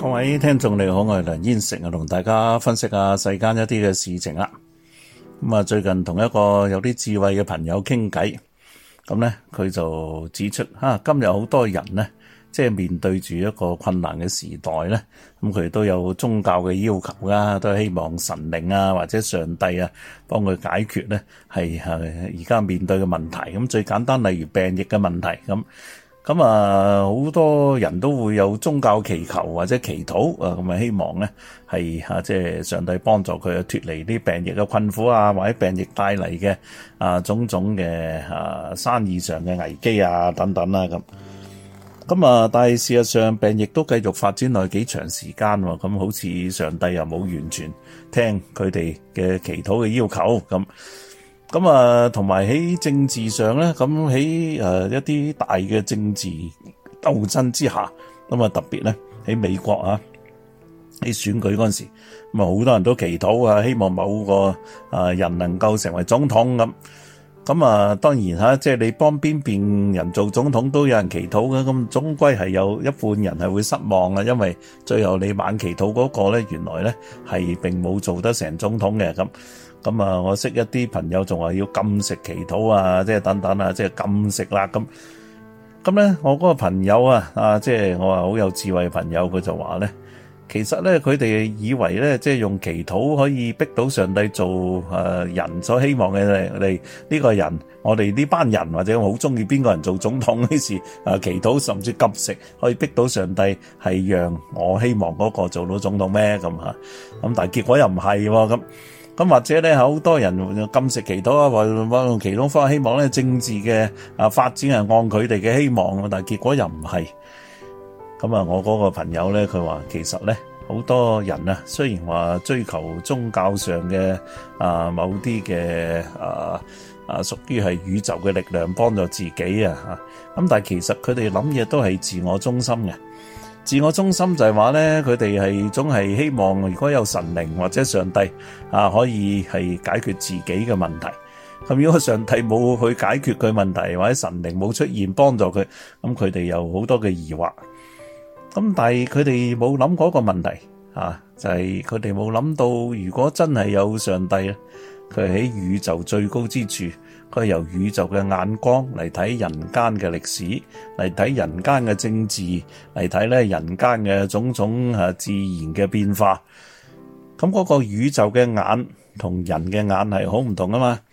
各位聽眾你好，我係梁燕成啊，同大家分析下世間一啲嘅事情啦。咁啊，最近同一個有啲智慧嘅朋友傾偈，咁咧佢就指出，啊今日好多人咧，即係面對住一個困難嘅時代咧，咁佢都有宗教嘅要求啦，都係希望神靈啊或者上帝啊幫佢解決咧，係係而家面對嘅問題。咁最簡單例如病疫嘅問題咁。咁啊，好多人都會有宗教祈求或者祈禱啊，咁啊，希望咧係即係上帝幫助佢脫離啲病疫嘅困苦啊，或者病疫帶嚟嘅啊種種嘅啊生意上嘅危機啊等等啦咁。咁啊，但係事實上，病疫都繼續發展落去幾長時間喎，咁好似上帝又冇完全聽佢哋嘅祈禱嘅要求咁。咁啊，同埋喺政治上咧，咁喺誒一啲大嘅政治鬥爭之下，咁啊特別咧喺美國啊，喺選舉嗰陣時，咁啊好多人都祈禱啊，希望某個啊人能夠成為總統咁。咁啊，當然吓，即係你幫邊邊人做總統都有人祈禱嘅，咁終歸係有一半人係會失望啊，因為最後你晚祈禱嗰個咧，原來咧係並冇做得成總統嘅咁。咁啊，我識一啲朋友，仲話要禁食祈禱啊，即係等等啊，即係禁食啦咁。咁咧，我嗰個朋友啊，啊，即係我話好有智慧嘅朋友，佢就話咧，其實咧，佢哋以為咧，即係用祈禱可以逼到上帝做誒人所希望嘅，嚟，呢個人，我哋呢班人或者好中意邊個人做總統呢事誒祈禱，甚至禁食，可以逼到上帝係讓我希望嗰個做到總統咩？咁啊，咁但係結果又唔係咁。咁或者咧，好多人禁食祈禱啊，或用祈禱方法希望咧政治嘅啊發展係按佢哋嘅希望，但係結果又唔係。咁啊，我嗰個朋友咧，佢話其實咧，好多人啊，雖然話追求宗教上嘅啊某啲嘅啊啊屬於係宇宙嘅力量幫助自己啊，咁但係其實佢哋諗嘢都係自我中心嘅。自我中心就係話咧，佢哋係總係希望如果有神靈或者上帝啊，可以係解決自己嘅問題。咁如果上帝冇去解決佢問題，或者神靈冇出現幫助佢，咁佢哋有好多嘅疑惑。咁但係佢哋冇諗過一個問題啊，就係佢哋冇諗到，如果真係有上帝咧，佢喺宇宙最高之處。佢係由宇宙嘅眼光嚟睇人間嘅歷史，嚟睇人間嘅政治，嚟睇咧人間嘅種種啊自然嘅變化。咁嗰個宇宙嘅眼同人嘅眼係好唔同啊嘛～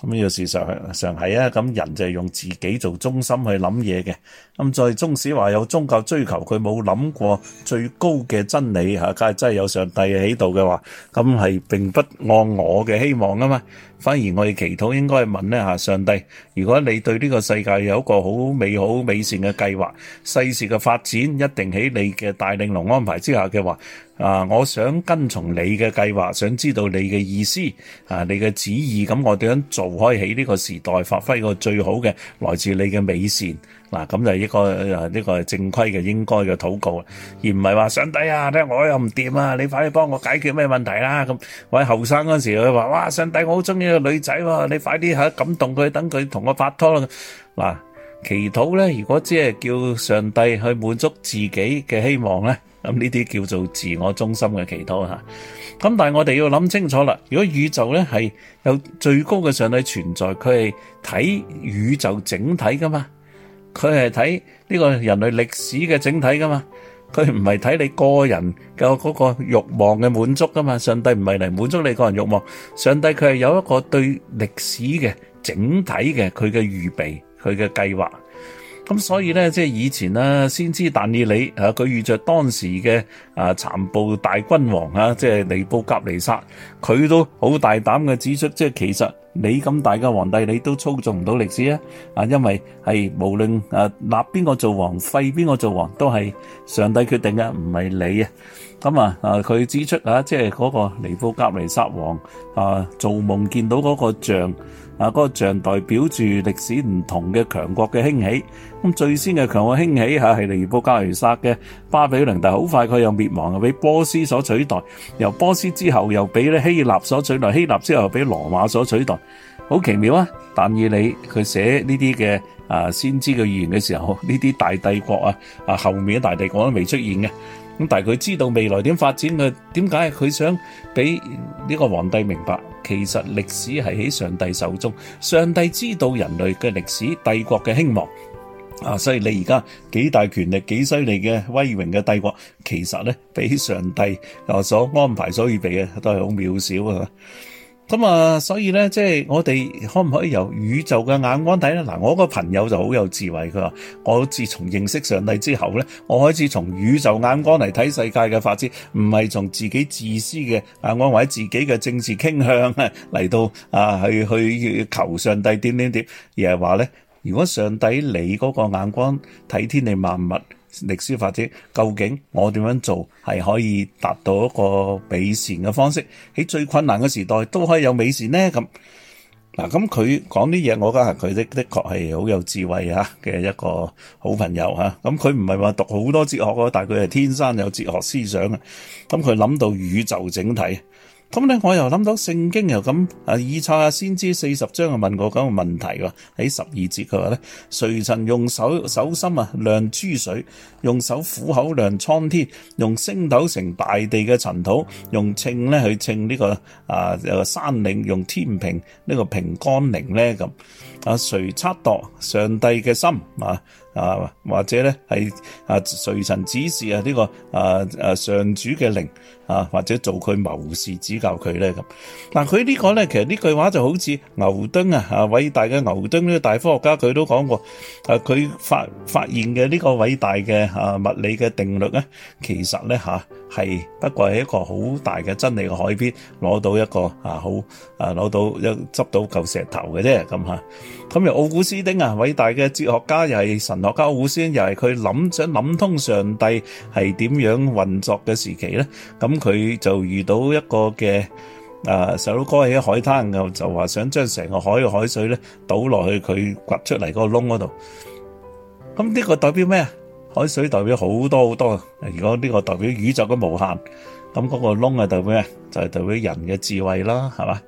咁呢個事實上係啊，咁人就係用自己做中心去諗嘢嘅。咁再縱使話有宗教追求，佢冇諗過最高嘅真理吓。假如真係有上帝喺度嘅話，咁係並不按我嘅希望啊嘛。反而我哋祈禱應該問咧吓上帝：如果你對呢個世界有一個好美好美善嘅計劃，世事嘅發展一定喺你嘅大令龍安排之下嘅話。啊！我想跟從你嘅計劃，想知道你嘅意思啊，你嘅旨意咁，我哋想做開起呢個時代，發揮個最好嘅，來自你嘅美善嗱，咁就係一個啊，呢個係正規嘅應該嘅禱告，而唔係話上帝啊，咧我又唔掂啊，你快啲幫我解決咩問題啦咁。我喺後生嗰時佢話哇，上帝我好中意個女仔喎，你快啲吓感動佢，等佢同我拍拖啦嗱。祈禱咧，如果只係叫上帝去滿足自己嘅希望咧，咁呢啲叫做自我中心嘅祈禱吓。咁但係我哋要諗清楚啦。如果宇宙咧係有最高嘅上帝存在，佢係睇宇宙整體噶嘛，佢係睇呢個人類歷史嘅整體噶嘛，佢唔係睇你個人嘅嗰個慾望嘅滿足噶嘛。上帝唔係嚟滿足你個人慾望，上帝佢係有一個對歷史嘅整體嘅佢嘅預備。佢嘅計劃，咁所以咧，即係以前咧，啊，先知但以理，啊，佢遇着當時嘅啊殘暴大君王啊，即係尼布甲尼撒，佢都好大膽嘅指出，即係其實你咁大嘅皇帝，你都操縱唔到歷史啊！啊，因為係無論啊立邊個做王，廢邊個做王，都係上帝決定嘅，唔係你啊！咁啊啊，佢指出啊，即係嗰個尼布甲尼撒王啊，做夢見到嗰個像。啊！嗰個像代表住歷史唔同嘅強國嘅興起。咁最先嘅強國興起吓係尼布甲尼撒嘅巴比倫，但係好快佢又滅亡，又俾波斯所取代。由波斯之後又俾咧希臘所取代，希臘之後又俾羅馬所取代。好奇妙啊！但以理佢寫呢啲嘅啊先知嘅預言嘅時候，呢啲大帝國啊啊後面嘅大帝國都未出現嘅。咁但係佢知道未來點發展嘅，佢點解啊？佢想俾呢個皇帝明白，其實歷史係喺上帝手中，上帝知道人類嘅歷史、帝國嘅興亡啊！所以你而家幾大權力、幾犀利嘅威榮嘅帝國，其實咧俾上帝啊所安排、所預備嘅都係好渺小啊！咁、嗯、啊，所以咧，即係我哋可唔可以由宇宙嘅眼光睇咧？嗱，我個朋友就好有智慧，佢話我自從認識上帝之後咧，我開始從宇宙眼光嚟睇世界嘅發展，唔係從自己自私嘅眼光或者自己嘅政治傾向嚟到啊，去去求上帝點點點，而係話咧，如果上帝你嗰個眼光睇天地萬物。歷史發展究竟我點樣做係可以達到一個美善嘅方式？喺最困難嘅時代都可以有美善呢？咁嗱，咁佢講啲嘢，我覺得佢的的確係好有智慧啊嘅一個好朋友啊。咁佢唔係話讀好多哲學，但係佢係天生有哲學思想啊。咁佢諗到宇宙整體。咁咧，我又諗到聖經又《聖經》又咁啊，以賽亞先知四十章啊問過咁嘅問題喎，喺十二節佢話咧，誰曾用手手心啊量諸水，用手虎口量蒼天，用星斗成大地嘅塵土，用稱咧去稱呢、這個啊，啊，啊山嶺，用天平呢、這個平岡陵咧咁啊，誰測度上帝嘅心啊？啊，或者咧係啊誰曾指示啊呢、這個啊啊上主嘅靈啊，或者做佢謀士指教佢咧咁。嗱、啊，佢呢、啊啊、個咧、啊啊，其實呢句話就好似牛頓啊，啊偉大嘅牛頓呢個大科學家佢都講過，啊佢發發現嘅呢個偉大嘅啊物理嘅定律咧，其實咧吓。係不過係一個好大嘅真理嘅海邊攞到一個啊好，啊攞到一執到嚿石頭嘅啫咁吓，咁又奧古斯丁啊偉大嘅哲學家又係神學家，奧古斯丁又係佢諗想諗通上帝係點樣運作嘅時期咧，咁佢就遇到一個嘅啊細佬哥喺海灘，就就話想將成個海嘅海水咧倒落去佢掘出嚟嗰個窿嗰度，咁呢個代表咩啊？海水代表好多好多，如果呢個代表宇宙嘅無限，咁嗰個窿係代表咩？就係、是、代表人嘅智慧啦，係嘛？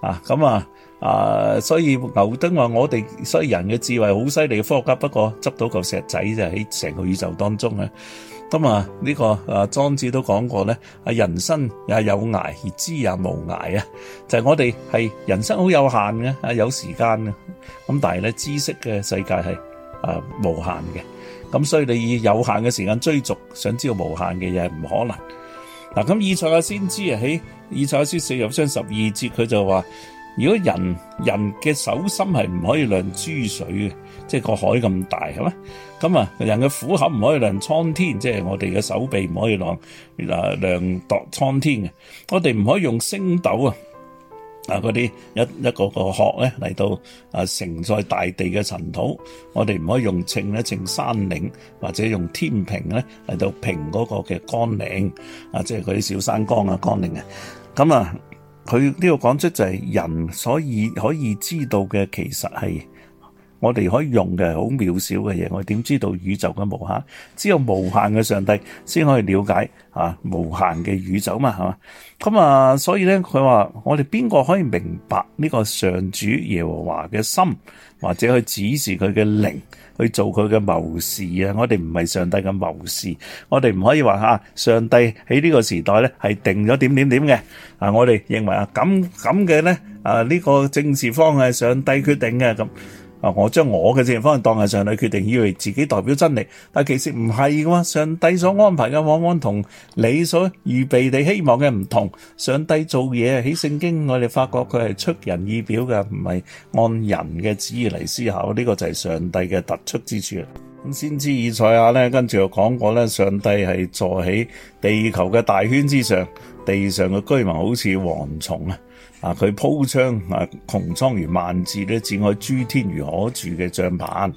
啊，咁啊，啊，所以牛頓話我哋所以人嘅智慧好犀利嘅科學家，不過執到嚿石仔就喺成個宇宙當中啊。咁、這個、啊，呢個啊莊子都講過咧，啊人生也有涯而知也無涯啊，就係、是、我哋係人生好有限嘅，啊有時間嘅，咁、啊、但係咧知識嘅世界係啊無限嘅。咁所以你以有限嘅時間追逐，想知道無限嘅嘢唔可能。嗱、啊，咁以賽亞先知啊喺以賽亞書四十章十二節，佢就話：如果人人嘅手心係唔可以量珠水嘅，即係個海咁大，係咪？咁啊，人嘅虎口唔可以量蒼天，即係我哋嘅手臂唔可以量量量度蒼天嘅。我哋唔可以用星斗啊！啊！嗰啲一一個個殼咧嚟到啊，承載大地嘅塵土，我哋唔可以用秤咧稱山嶺，或者用天平咧嚟到平嗰個嘅岡陵啊，即係佢啲小山崗啊，岡陵啊，咁啊，佢呢個講出就係人所以可以知道嘅，其實係。我哋可以用嘅好渺小嘅嘢，我哋點知道宇宙嘅無限？只有無限嘅上帝先可以了解啊，無限嘅宇宙嘛，係嘛咁啊。所以咧，佢話我哋邊個可以明白呢個上主耶和華嘅心，或者去指示佢嘅靈去做佢嘅謀事啊？我哋唔係上帝嘅謀事，我哋唔可以話嚇上帝喺呢個時代咧係定咗點點點嘅啊！我哋認為啊，咁咁嘅咧啊，呢個政治方係上帝決定嘅咁。啊！我將我嘅正方向當係上帝決定，以為自己代表真理，但其實唔係噶嘛。上帝所安排嘅往往同你所預備地希望嘅唔同。上帝做嘢喺聖經，我哋發覺佢係出人意表嘅，唔係按人嘅旨意嚟思考。呢個就係上帝嘅突出之處。咁先知以賽亞咧，跟住又講過咧，上帝係坐喺地球嘅大圈之上。地上嘅居民好似蝗蟲啊！啊，佢鋪張啊，穹蒼如幔子咧，展開諸天如可住嘅帳棚。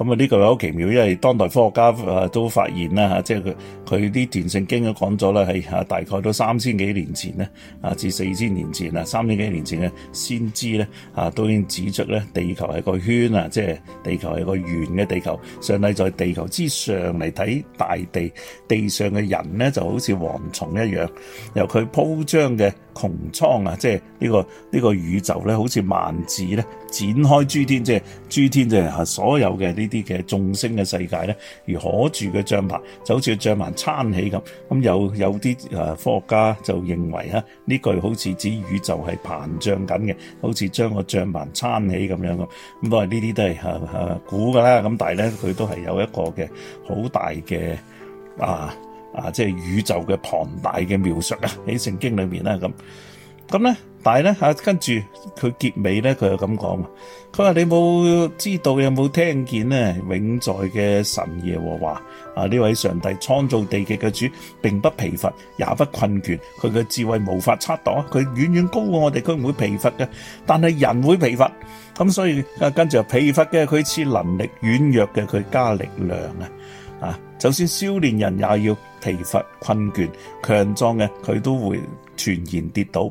咁啊呢個好奇妙，因為當代科學家啊都發現啦吓，即係佢佢啲段聖經都講咗啦，係吓大概都三千幾年前咧，啊至四千年前啊，三千幾年前嘅先知咧啊都已經指出咧，地球係個圈啊，即係地球係個圓嘅地球，上帝在地球之上嚟睇大地，地上嘅人咧就好似蝗蟲一樣，由佢鋪張嘅穹蒼啊，即係呢個呢個宇宙咧，好似萬字咧，展開諸天，即係諸天即係吓所有嘅呢。啲嘅眾星嘅世界咧，如可住嘅帳篷，就好似帳篷撐起咁。咁有有啲啊科學家就認為嚇，呢句好似指宇宙係膨脹緊嘅，好似將個帳篷撐起咁樣咁。咁都係呢啲都係嚇嚇估嘅啦。咁但係咧，佢都係有一個嘅好大嘅啊啊，即、啊、係、就是、宇宙嘅龐大嘅描述啊！喺聖經裏面咧咁。咁、嗯、咧，但係咧跟住佢結尾咧，佢又咁講啊！佢話：你冇知道，有冇聽見咧？永在嘅神耶和華啊！呢位上帝創造地極嘅主並不疲乏，也不困倦。佢嘅智慧無法測度，佢遠遠高過我哋，佢唔會疲乏嘅。但係人會疲乏，咁、嗯、所以啊，跟住又疲乏嘅佢，似能力軟弱嘅佢加力量啊！啊，就算少年人也要疲乏困倦，強壯嘅佢都會全然跌倒。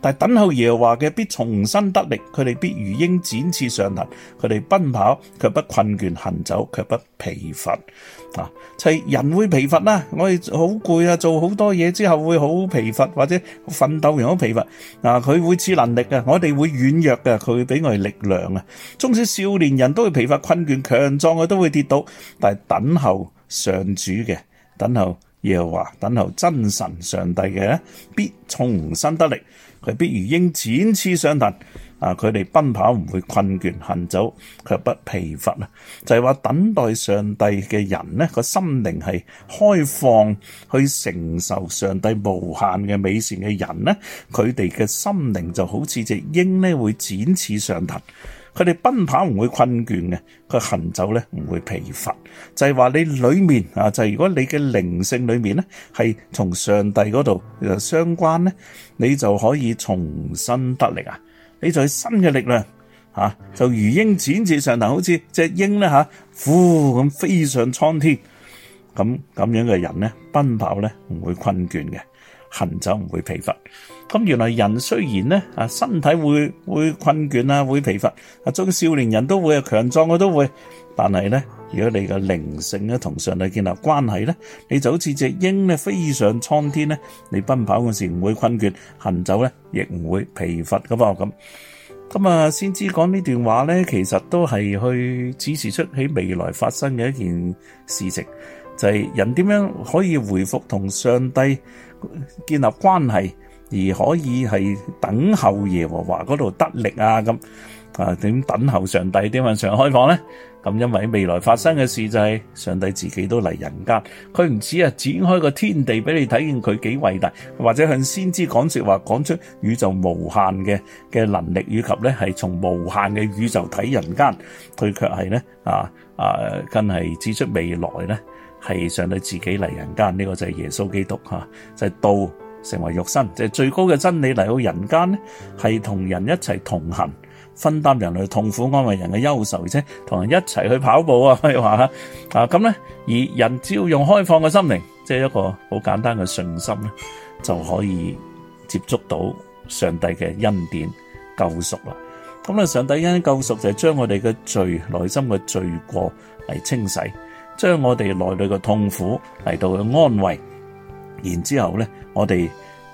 但等候耶和華嘅必重新得力，佢哋必如鷹展翅上騰，佢哋奔跑卻不困倦，行走卻不疲乏。啊，就係、是、人會疲乏啦，我哋好攰啊，做好多嘢之後會好疲乏，或者奮鬥完好疲乏。啊，佢會賜能力啊，我哋會軟弱嘅，佢會俾我哋力量啊。即使少年人都會疲乏困倦，強壯嘅都會跌倒，但係等候上主嘅，等候。又話等候真神上帝嘅必重新得力，佢必如鷹展翅上騰，啊，佢哋奔跑唔會困倦，行走卻不疲乏啊！就係話等待上帝嘅人呢個心靈係開放去承受上帝無限嘅美善嘅人呢，佢哋嘅心靈就好似隻鷹呢會展翅上騰。佢哋奔跑唔會困倦嘅，佢行走咧唔會疲乏，就係話你裏面啊，就係如果你嘅靈性裏面咧係從上帝嗰度相關咧，你就可以重新得力啊，你就係新嘅力量吓，就如鷹展翅上騰，好似隻鷹咧吓，呼咁飛上蒼天，咁咁樣嘅人咧，奔跑咧唔會困倦嘅，行走唔會疲乏。咁原來人雖然咧啊，身體會會困倦啊，會疲乏啊，中少年人都會啊，強壯嘅都會，但係咧，如果你嘅靈性咧同上帝建立關係咧，你就好似隻鷹咧飛上蒼天咧，你奔跑嗰時唔會困倦，行走咧亦唔會疲乏噶噃咁。咁啊，先知講呢段話咧，其實都係去指示出喺未來發生嘅一件事情，就係人點樣可以回復同上帝建立關係。而可以係等候耶和華嗰度得力啊咁啊點等候上帝點樣上開放咧？咁因為未來發生嘅事就係上帝自己都嚟人間，佢唔止啊展開個天地俾你睇見佢幾偉大，或者向先知講說話講出宇宙無限嘅嘅能力，以及咧係從無限嘅宇宙睇人間，佢卻係咧啊啊更係、啊、指出未來咧係上帝自己嚟人間，呢、這個就係耶穌基督嚇、啊，就係道。成為肉身，即係最高嘅真理嚟到人間咧，係同人一齊同行，分擔人類痛苦，安慰人嘅憂愁，而且同人一齊去跑步啊，可以話吓啊咁咧。而人只要用開放嘅心靈，即係一個好簡單嘅信心咧，就可以接觸到上帝嘅恩典救贖啦。咁上帝恩救贖就係將我哋嘅罪、內心嘅罪過嚟清洗，將我哋內裏嘅痛苦嚟到去安慰。然之後呢，我哋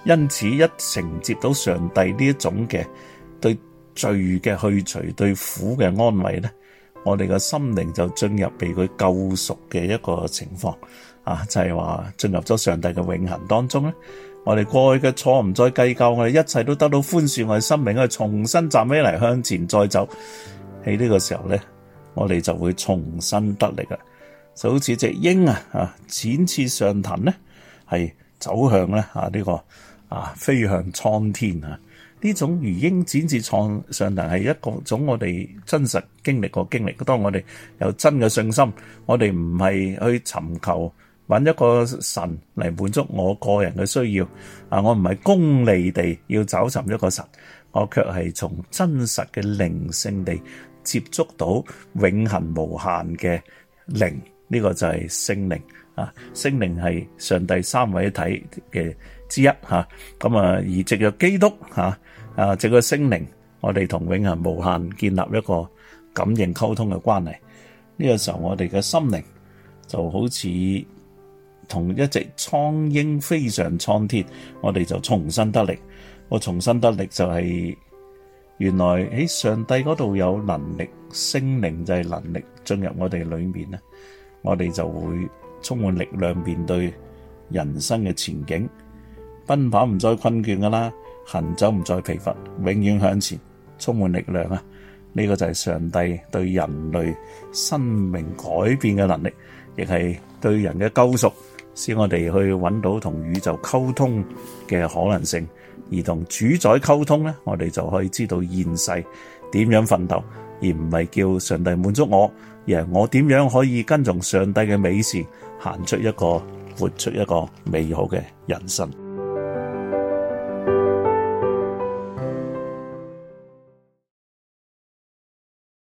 因此一承接到上帝呢一種嘅對罪嘅去除、對苦嘅安慰呢，我哋嘅心靈就進入被佢救贖嘅一個情況啊，就係話進入咗上帝嘅永恆當中呢，我哋過去嘅錯唔再計較，我哋一切都得到寬恕，我哋生命去重新站起嚟向前再走。喺呢個時候呢，我哋就會重新得力啊，就好似隻鷹啊啊展翅上騰呢。係走向咧啊呢個啊飛向蒼天啊！呢種如鷹展翅創上騰係一個種我哋真實經歷過經歷。當我哋有真嘅信心，我哋唔係去尋求揾一個神嚟滿足我個人嘅需要啊！我唔係功利地要找尋一個神，我卻係從真實嘅靈性地接觸到永恒無限嘅靈，呢個就係聖靈。啊，聖靈係上帝三位一體嘅之一吓，咁啊而藉着基督吓，啊藉着聖靈，我哋同永恒無限建立一個感應溝通嘅關係。呢、這個時候我哋嘅心靈就好似同一隻蒼鷹飛上蒼天，我哋就重新得力。我重新得力就係原來喺上帝嗰度有能力，聖靈就係能力進入我哋裏面咧，我哋就會。充滿力量面對人生嘅前景，奔跑唔再困倦㗎啦，行走唔再疲乏，永遠向前，充滿力量啊！呢個就係上帝對人類生命改變嘅能力，亦係對人嘅救贖，使我哋去搵到同宇宙溝通嘅可能性，而同主宰溝通咧，我哋就可以知道現世點樣奮鬥，而唔係叫上帝滿足我，而我點樣可以跟從上帝嘅美事。行出一個，活出一個美好嘅人生。